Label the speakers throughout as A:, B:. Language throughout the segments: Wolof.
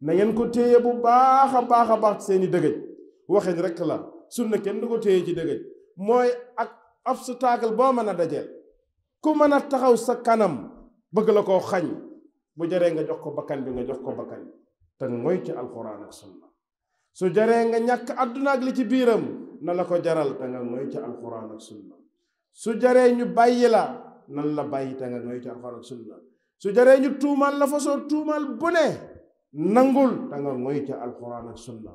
A: na ngeen ko téye bu baax a baax a baax seeni dëgëj waxin rek la sunna kenn du ko téye ci dëgëj mooy ak ab su taagal boo mën a dajeel ku mën a taxaw sa kanam bëgg la koo xañ bu jaree nga jox ko bakkan bi nga jox ko bakkan te mooy ci alxuraan ak su jaree nga ñàkk àdduna ak li ci biiram na la ko jaral te nga mooy ci alxuraan ak sunna su jaree ñu bàyyi la nan la bàyyi te nga mooy ci alxuraan ak sunna su jaree ñu tuumaal la fa soo tuumaal bu ne nangul da nga ngoy ca alxuraan ak sunna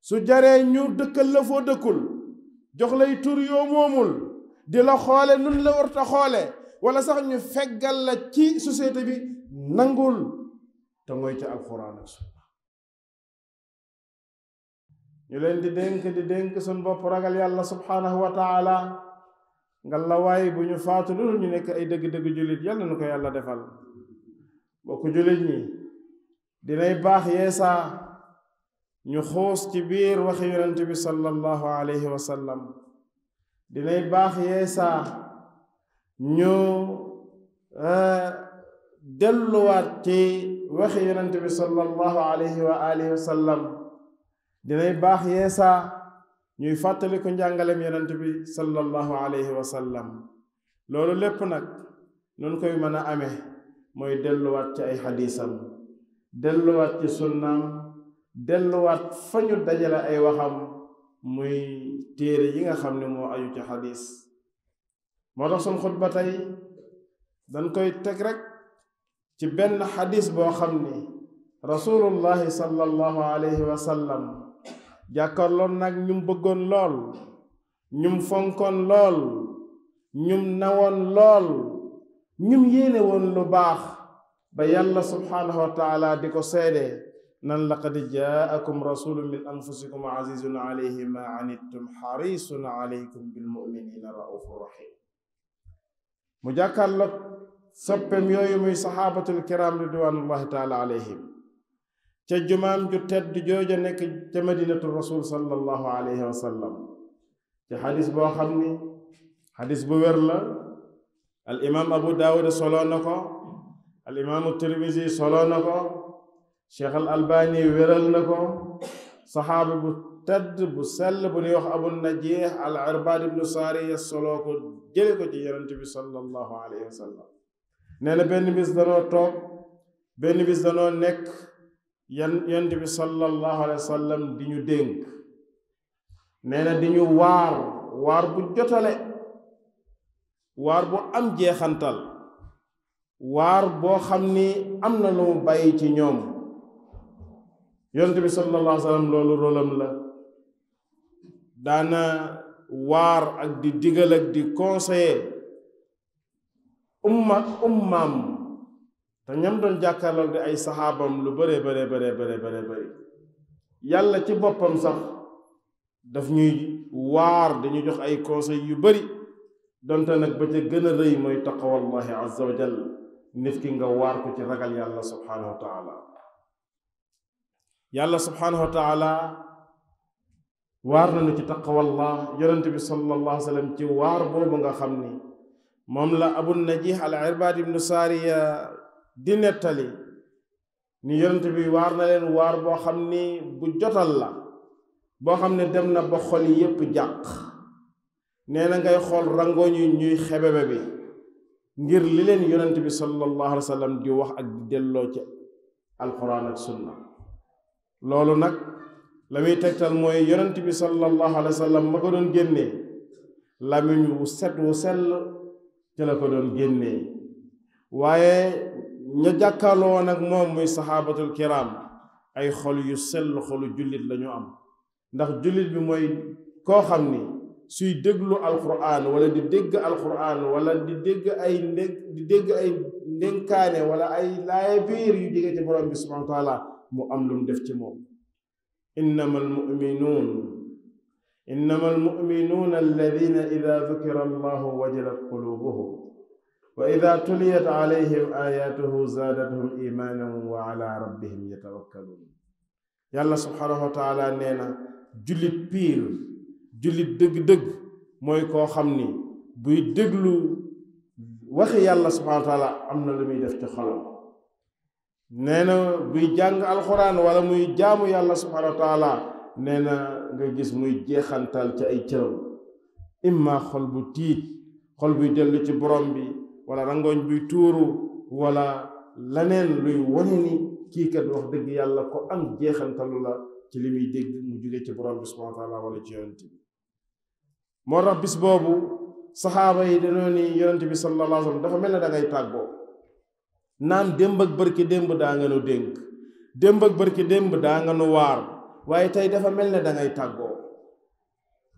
A: su jaree ñu dëkkal la foo dëkkul jox lay tur yoo moomul di la xoole nun la warta xoole wala sax ñu feggal la ci société bi nangul te ngoy ca alxuraan ak sunna ñu leen di dénk di denk suñ bopp ragal yàlla subhaanahu wa nga la waay bu ñu faatu lu ñu nekk ay dëgg-dëgg jullit yàlla nu ko yàlla defal bokk jullit ñi dinay baax yeesaa ñu xuus ci biir waxi yonent bi sallallahu alayhi wa sallam dinay baax yeesaa ñu eh, delluwaat ci waxi yonent bi sallallahu alayhi wa dinay baax yeesaa ñuy fàttaliku njàngalem yonent bi sallallahu alayhi wa loolu lépp nag nun koy mën a ame mooy delluwaat ci ay xadiisam delluwaat ci sunnaam delluwaat fa ñu dajale ay waxam muy téere yi nga xam ne moo aju ci xadis moo tax suñ xutba tey dañ koy teg rekk ci benn xadis boo xam ni rasulullahi sallallahu alayhi wa sallam jàkkarloon nag ñum bëggoon lool ñum fonkoon lool ñum nawoon lool ñum yéene lu baax ba yàlla subhaanahu wa taala di ko seede nan laqad jaakum rasulun min anfusikum azizun alayhi ma anittum xarisun alaykum bil muminina raufur rahim mu jàkkaarloog soppem yooyu muy saxaabatul kiram ridwanullahi taala alayhim ca jumaam ju tedd jooja nekk ca madinatu rasul sallallahu alayhi wa sallam ci xadis boo xam ni xadis bu wér la al imam abu daawuda solo na ko al imaamu tirmisi solo na ko cheikh albani wéral na ko saxaaba bu tedd bu sell bu ñuy wax abu najeex al irbaad ibnu saariya solo ko jële ko ci yonent bi sallallahu alayhi wa sallam na benn bis danoo toog benn bis danoo nekk yan yonent bi sallallahu alayhi wa sallam di ñu dénk nee di ñu waar waar bu jotale waar bu am jeexantal waar boo xam ni am na lu mu bàyyi ci ñoom yonent bi sallallahu alayhi loolu rolam la daana waar ak di digal ak di conseiller umma ummaam te ñam doon jàkkaarloo di ay saxaabam lu bare bare bare bare bare bare yàlla ci boppam sax daf ñuy waar dañu jox ay conseil yu bari donte nag ba ca gën a rëy mooy taqwallahi azza wa jalla nit ki nga waar ko ci ragal yàlla subhanahu wa taala yàlla subhanahu wa taala waar nañu ci taqwallah yonente bi sallallahu alayhi wa sallam ci waar boobu nga xam ni moom la abu najih al irbaad ibnu saariya di nettali ni yonente bi waar na leen waar boo xam ni bu jotal la boo xam ne dem na ba xol yépp jàq nee na ngay xool rangooñu ñuy xebebe bi ngir li leen yonent bi sallallahu alayhi wa sallam di wax ak di delloo ci alquran sunna loolu nag la muy tegtal mooy yonent bi sallallahu alayhi wa sallam ma ko doon génnee lamiñ wu set wu sell ci la ko doon génnee waaye ña jàkkaarloo woon ak moom muy saxaabatul kiram ay xol yu sell xolu jullit lañu am ndax jullit bi mooy koo xam ni suy déglu alquran wala di dégg ay ndé wala ay laaya biir yu jóge ci borom bi subhanahu wa mu am lum mu def ci moom innama almuminuun innama almuminuuna alladina ida dukira allahu wajalat
B: wa ida tuliyat
A: alayhim ayatuhu zaadathum imaanan wa ala rabbihim yatawakkaluun yàlla subhanahu wa taala piir jullit dëgg-dëgg mooy koo xam ni buy déglu waxi yàlla subhaanahu wa am na lu muy def ci xolam nee na buy jàng alxuraan wala muy jaamu yàlla subhaanahu wa taala nee na nga gis muy jeexantal ci ay cëram imma xol bu tiit xol buy dellu ci borom bi wala rangoñ buy tuuru wala leneen luy wone ni kii kat wax dëgg yàlla ko am jeexantalu la ci li muy dégg mu jugee ci borom bi subhaanahu wa taala wala ci yonent bi moo tax bis boobu saxaaba yi dañoo ni yonente bi sallallahu alayhi dafa mel ne dangay ngay tàggoo naan démb ak bërki démb daa nga nu dénk démb ak bërki démb daa nga nu waar waaye tey dafa mel ne dangay ngay tàggoo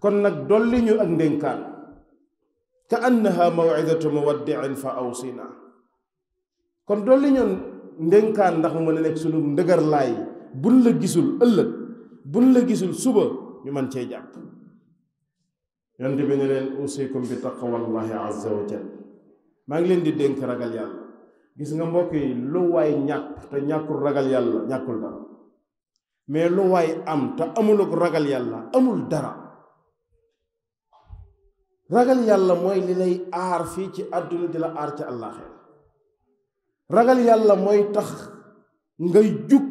A: kon nag dolli ñu ak ndénkaan ka annaha mawidatu muwaddiin fa awsina kon dolli ñu ndénkaan ndax mu mën a nekk sunu ndëgër laay buñ la gisul ëllëg buñ la gisul suba ñu mën cee jàpp yonent bi ne leen usikum bi taqwallahi azza wa jal maa ngi leen di dénk ragal yàlla gis nga mbokk yi lu waay ñàkk te ñàkkul ragal yàlla ñàkkul dara mais lu waay am te amulug ragal yàlla amul dara ragal yàlla mooy li lay aar fii ci àdduna di la aar ci àllaaxira ragal yàlla mooy tax ngay jug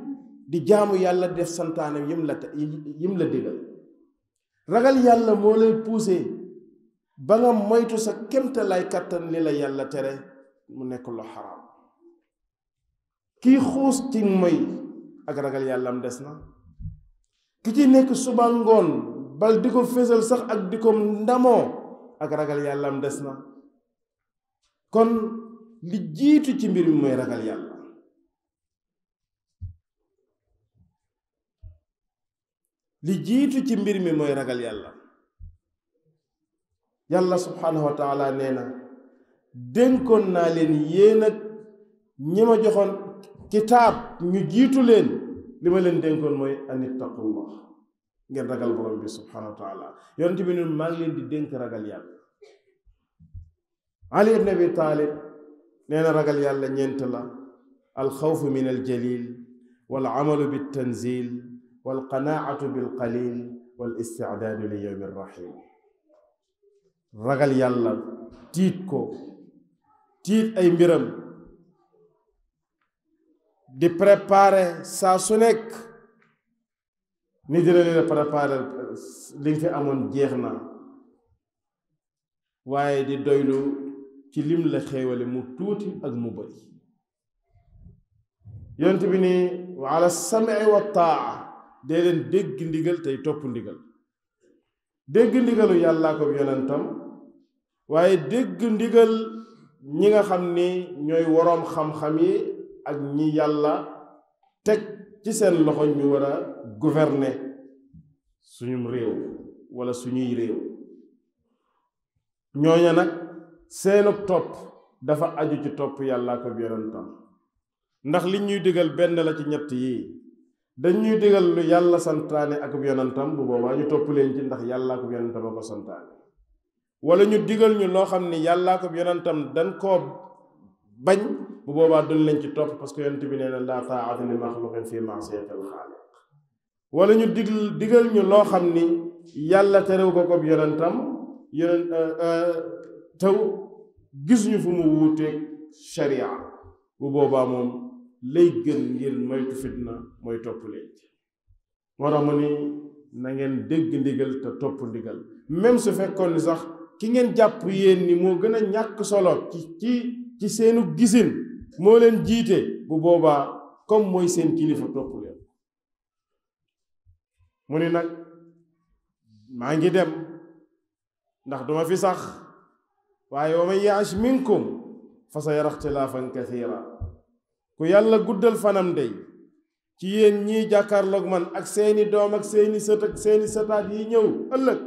A: di jaamu yàlla def santaane yim la yim la digal ragal yàlla moo lay poussé ba nga moytu sa kémta kàttan li la yàlla tere mu nekk lu xaraam kii xuus ci moy ak ragal yàllam des na ki ci nekk suba ngoon bal di ko fésal sax ak di ko ndamoo ak ragal yàllam des na kon li jiitu ci mbir mi mooy ragal yàlla li jiitu ci mbir mi mooy ragal yàlla yàlla subhaanahu wa na dénkoon naa leen yéen ak ñi ma joxoon kitaab ñu jiitu leen li ma leen dénkoon mooy an ittaqullah ngeen ragal borom bi subhaanahu wa taala yonent bi leen di dénk ragal yàlla ali ibn taalib nee ragal yàlla ñeent la alxawfu min aljalil wal amalu bittanzil walqanaatu bilqalil wal istidaadu li yowmi rahim ragal yàlla tiit ko tiit ay mbiram di préparer saa su nekk ni dina leen préparer li fi amoon jeex na waaye di doylu ci lim la xéewale mu tuuti ak mu bëri yonent ni wa ala sam'i wa taa dee leen dégg ndigal tey topp ndigal dégg ndigalu yàllaa ko yonentam waaye dégg ndigal ñi nga xam ni ñooy woroom xam-xam yi ak ñi yàlla teg ci seen loxo ñu war a gouverner suñum réew wala suñuy réew ñooña nag seenub topp dafa aju ci topp yàllaa ko yonentam ndax li ñuy digal benn la ci ñett yi dañ ñuy digal lu yàlla santaane ak yonantam bu boobaa ñu topp leen ci ndax yàllaa ak yonantam a ko santaane wala ñu digal ñu loo xam ni yàlla ak yonantam dañ koo bañ bu boobaa duñ leen ci topp bi nee na laa taa'ata li maxluqin fi ñu dig digal ñu loo xam ni yàlla terewu ko ko yonantam yonent euh, euh, taw gis ñu fu mu wuuteeg sharia bu boobaa moom lay gën ngir moytu fitna mooy topp leen moo tax mu ni na ngeen dégg ndigal te topp ndigal même su fekkoon ni sax ki ngeen jàpp yéen ni moo gën a ñàkk solo ci ci ci seenu gisin moo leen jiite bu boobaa comme mooy seen kilifa topp leen mu ni nag maa ngi dem ndax duma fi sax waaye wa man yaash minkum fa sa yara ixtilaafan kathiira ku yàlla guddal fanam dey ci yéen ñii jàkkaarloog man ak seeni doom ak seeni sët ak seeni sëtaat yi ñëw ëllëg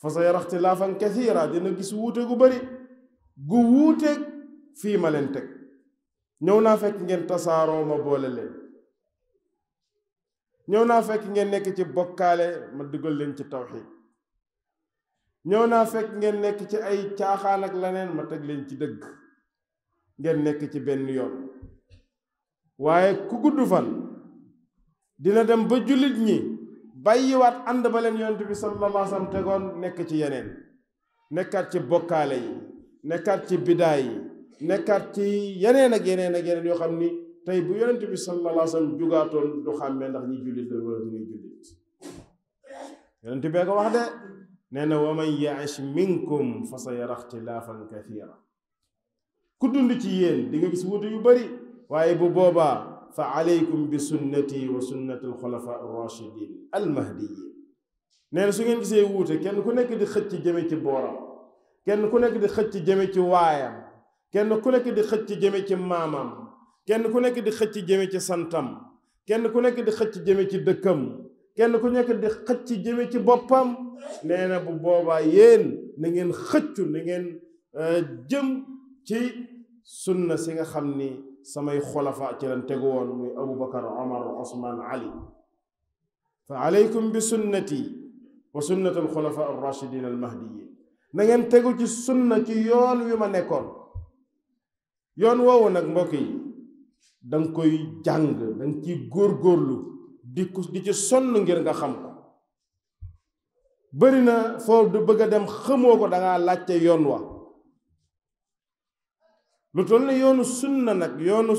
A: fa sa yara ixtilaafan kathiira dina gis wuute gu bari gu wuuteeg fii ma leen teg ñëw naa fekk ngeen tasaaroo ma boole leen ñëw naa fekk ngeen nekk ci bokkaale ma dugal leen ci tawxiid ñëw naa fekk ngeen nekk ci ay caaxaan ak leneen ma teg leen ci dëgg ngeen nekk ci benn yoon waaye ku gudd fan dina dem ba jullit ñi bàyyiwaat ànd ba leen yonent bi sallallahu alayhi tegoon nekk ci yeneen nekkaat ci bokkaale yi nekkaat ci bidaa yi nekkaat ci yeneen ak yeneen yoo xam ni tey bu yonent bi sallallahu jugaatoon du xàmmee ndax ñi jullit la wala du ñuy jullit yonent bee ko wax de nee na wa man yaish minkum fa sa yara ixtilaafan kathira ku dund ci yéen di nga gis wuute yu bari waaye bu boobaa fa alaykum bi sunnati wa sunnati alxulafa arrachidin almahdiyin nee na su ngeen gisee wuute kenn ku nekk di xëcc jëme ci booram kenn ku nekk di xëcc jëme ci waayam kenn ku nekk di xëcc jëme ci maamam kenn ku nekk di xëcc jëme ci santam kenn ku nekk di xëcc jëme ci dëkkam kenn ku nekk di xëcc jëme ci boppam nee na bu boobaa yéen na ngeen xëccu na ngeen euh, jëm ci sunna si nga xam ni samay xulafa ci lañ tegu woon muy abubakar omar osman ali fa aleykum bi sunnati wa sunnati alxulafa arrachidin almahdiyin na ngeen tegu ci sunna ci yoon wi ma nekkoon yoon woowu nag mbokk yi danga koy jàng danga ciy góorlu di di ci sonn ngir nga xam ko bëri na foo du bëgg a dem xamoo ko dangaa laajte yoon wa lu toll ne yoonu sunna nag yoonu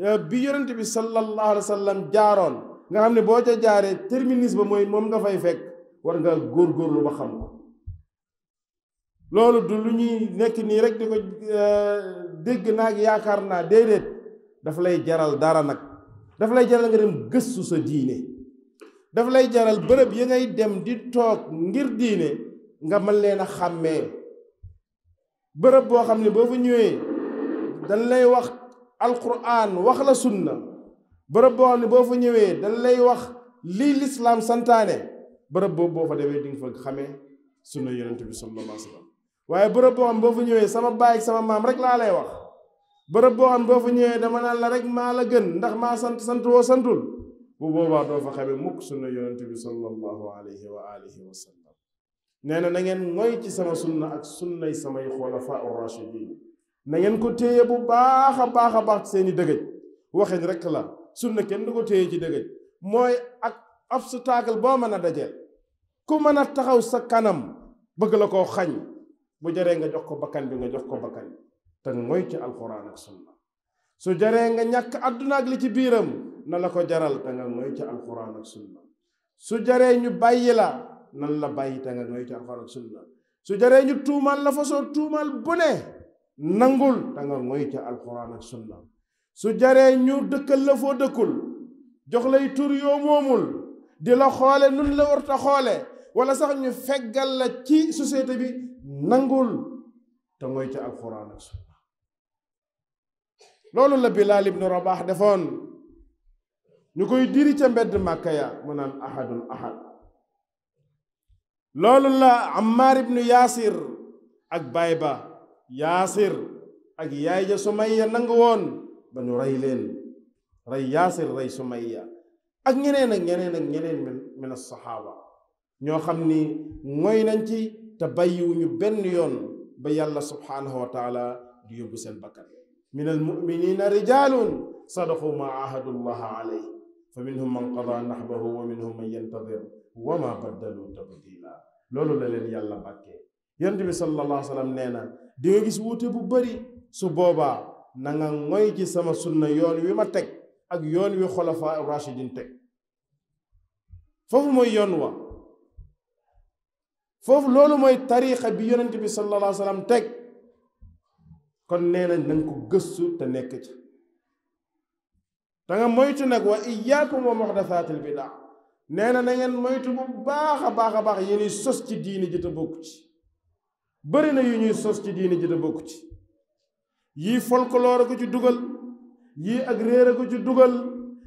A: eh, bi yonent bi sallallahu alayhi wa sallam jaaroon nga xam ne boo ca jaaree terminus ba mooy moom nga fay fekk war nga góor góorgóorlu ba xam ko loolu du lu ñuy nekk nii rek di ko eh, dégg naag yaakaar naa déedéet daf lay jaral dara nag daf lay jaral nga dem gëstu sa diine daf lay jaral bërëb yi ngay dem di toog ngir diine nga mën leen a xàmmee bërëb boo xam ne boo fa ñëwee dañ lay wax alquran wax la sunna bërëb boo xam ne boo fa ñëwee dañ lay wax lii lislaam santaane bërëb boobu boo fa demee di nga fa xamee sunna yonent bi sallallahu waaye bërëb boo ñëwee sama baay ak maam rek laa lay wax bërëb boo xam boo fa ñëwee dama naan la rek maa la gën ndax maa sant sant woo santul bu boobaa doo fa xamee mukk sunna yonent bi sallallahu alayhi wa alihi wa na na ngeen moy ci sama sunna ak sunnay samay xulafa ar-rashidin na ngeen ko téye bu baax a baax a baax seeni dëgëj waxin rek la sunna kenn du ko téye ci dëgëj mooy ak su obstacle boo mën a daje ku mën a taxaw sa kanam bëgg la koo xañ bu jaree nga jox ko bakkan bi nga jox ko bakkan te ngoy ci alxuraan ak su jaree nga ñàkk àdduna ak li ci biiram na la ko jaral te nga ngoy ci alxuraan ak sunna su jaree ñu bàyyi la nan la bàyyi te nga ngoy ci alxuraan ak sunna su jaree ñu tuumaal la fa soo tuumaal bu ne nangul da nga ca alxuraan ak sunna su jaree ñu dëkkal la foo dëkkul jox lay tur yoo moomul di la xoole nun la warta xoole wala sax ñu feggal la ci société bi nangul te moytu alxuraan ak sunna loolu la Bilaal ibnu Rabax defoon ñu koy diri ca mbedd Màkka ya mu naan ahadun ahad loolu la Ammaar ibnu Yaasir ak Bayba yaasir ak yaay ja sumayya nangu woon ba ñu rey leen rey yaasir rey sumayya ak ñeneen ak ñeneen ak ñeneen min as-saxaaba ñoo xam ni mooy nañ ci te bàyyiwuñu benn yoon ba yàlla subhaanahu wa di yóbbu seen bakkan min almuminina rijalun sadaqu ma ahadu llaha alayh fa minhum man qada nahbahu wa minhum man yantadir wa ma baddalu tabdila loolu la leen yàlla bàkkee yonent bi sallallahu alayhi wa nee na di nga gis wuute bu bari su boobaa na moy ci sama sunna yoon wi ma teg ak yoon wi xulafaa rashidin teg foofu mooy yoon wa foofu loolu mooy tariixa bi yonent bi sallallahu alayhi wa teg kon nee na nañ ko gëstu te nekk ci da nga moytu nag wa wax wa bi bidaa nee na na ngeen moytu bu baax a baax a baax yéen sos ci diini ji te ci bëri na yu ñuy sos ci diini ji te bokku ci yii folklore ko ci dugal yii ak réer ko ci dugal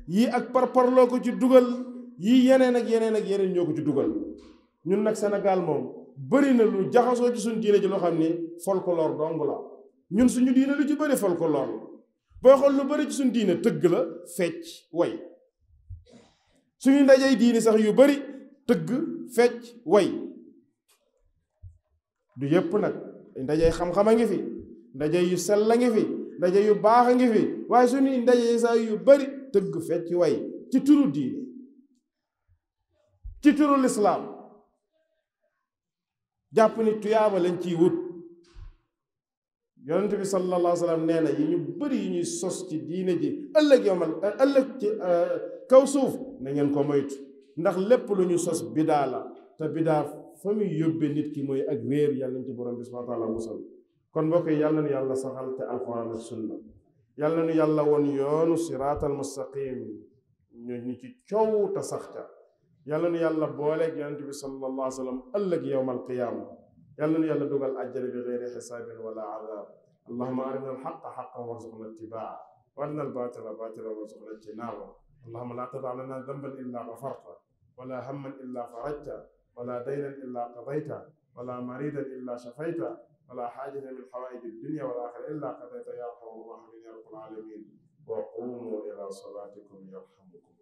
A: yii ak parparloo ko ci dugal yii yeneen ak yeneen ak yeneen ñoo ko ci dugal ñun nag Sénégal moom bëri na lu jaxasoo ci suñu diine ji loo xam ni folklore dong la ñun suñu diine lu ci bëri folklore la boo xool lu bëri ci suñu diine tëgg la fecc woy suñu ndajey diini sax yu bëri tëgg fecc woy du yépp nag ndaje xam-xam a ngi fi ndaje yu sell a ngi fi ndaje yu baax a ngi fi waaye suñuy ndaje saa yu bari tëgg fecc way ci turu diine ci turu lislaam jàpp ni tuyaaba lañ ciy wut yonent bi sallallahu alayhi nee na yi ñu bëri yi ñuy sos ci diine ji ëllëg yomal ëllëg ci euh, kaw suuf na ngeen ko moytu ndax lépp lu ñu sos bidaa la te bidaa fa muy yóbbee nit ki mooy ak réer yàlla nañ ci borom bi subhaanahu wa taala musal kon mbokk yi yàlla nu yàlla saxal te alxuraan ak sunna yàlla nu yàlla won yoonu siraatal mustaqim ñu ñu ci coow te sax ca yàlla nu yàlla booleeg yonente bi sallallahu alayhi wa sallam ëllëg yowmal qiyaama yàlla nu yàlla dugal àjjana bi gayri xisaabin wala azaab allahuma arina alxaqa xaqan warzuqna ittibaa wa arina albaatila baatila warzuqna ijtinaaba allahuma laa tadaa lana damban illa gafarta wala hamman illa farajta ولا دينا إلا قضيته ولا مريدا إلا شفيته ولا حاجة من حوائج الدنيا والآخرة إلا قضيته يا أرحم الراحمين يا رب العالمين وقوموا إلى صلاتكم يرحمكم